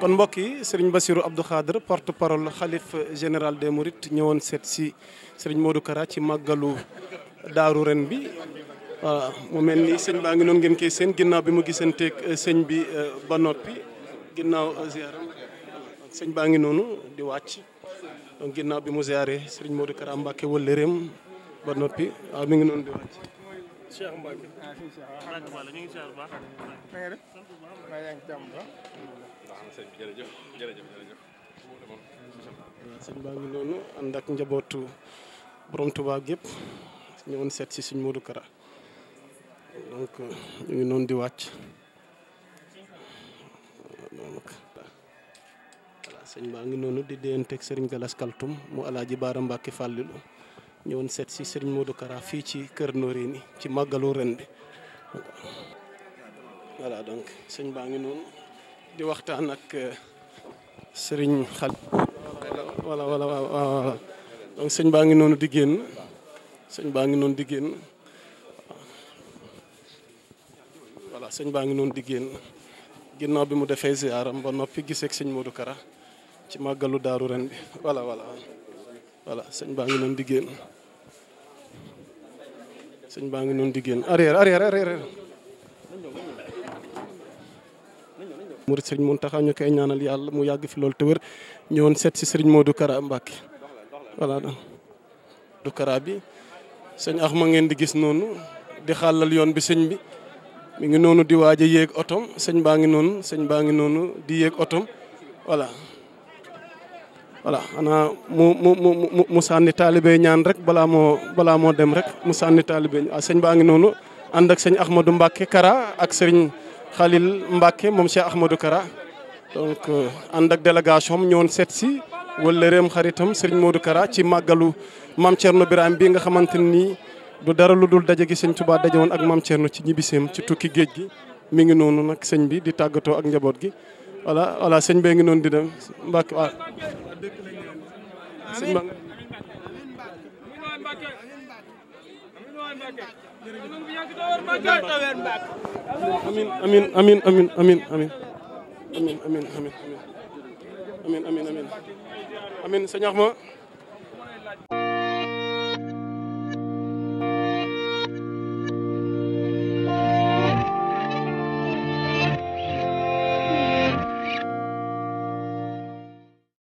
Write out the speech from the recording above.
kon mbokk yi sëriñ Bassirou Abdou Khadre porte parole xalif général des Mourides ñëwoon seet si sëriñ Modou Kara ci màggalu daaru ren bi voilà mu mel ni sëñ baa ngi noonu ngeen koy seen ginnaaw bi mu gisanteeg euh, sëñ bi euh, ba noppi ginnaaw euh, ziaram sëñ baa ngi noonu di wàcc ginnaaw bi mu ziare sëriñ Modou Kara Mbacké wëllëreem ba noppi waaw mi ngi noonu di wàcc Cheikh ah, ah, ñu ngi Cheikh bu baa ngi noonu ànd njabootu borom Touba gépp ñëwoon seet si suñu Modou Kara donc ñu ngi noonu di wàcc. voilà baa ngi noonu di déyanteeg Serigne Galas Kaltum mu Alaaji Baara Mbacke Fàllilu ñëwoon seet si Serigne Modou Kara fii ci Kër Noreyni ci màggalu ren bi voilà donc sëñ baa ngi noonu di waxtaan ak euh, Serigne xal sëñ baa ngi noonu di génn sëñ baa ngi noonu di génn voilà sëñ baa ngi noonu di génn ginnaaw bi mu defee ziaram ba noppi gisee sëñ Modou Kara ci màggalu daaru ren bi voilà voilà voilà sëñ baa ngi noonu di génn sëñ baa ngi noonu di génn arrière mu arrière murit sëriñ Muntaxa ñu koy ñaanal yàlla mu yàgg fi loolu te wér ñëwoon seet si sëriñ Modou Kara Mbacke voilà du Kara bi sëñ Axma ngeen di gis noonu di xàllal yoon bi sëñ bi mu ngi noonu di waaj a yéeg otom sëñ baa ngi noonu sëñ baa ngi noonu di yéeg otom voilà voilà xanaa mu mu mu mu sànni taalibe ñaan rek balaa moo balaa moo dem rek mu sànni taalibe ñaan ah, sëñ baa ngi noonu ànd ak sëñ Ahmadou Mbacke Kara ak sëriñ xalil Mbacke moom Cheikh Ahmadou Kara donc euh, ànd ak délégation am ñëwoon seet si wala réem xaritam sëriñ Modou Kara ci màggalu maam Thierno Birahim bii nga xamante nii du dara lu dul daje gi sëñ Touba daje woon ak maam Thierno ci ñibbiseem ci tukki géej gi mi ngi noonu nag sëñ bi di tàggatoo ak njaboot gi voilà voilà sëñ bee ngi noonu di dem Mbacke sëñ Ba nga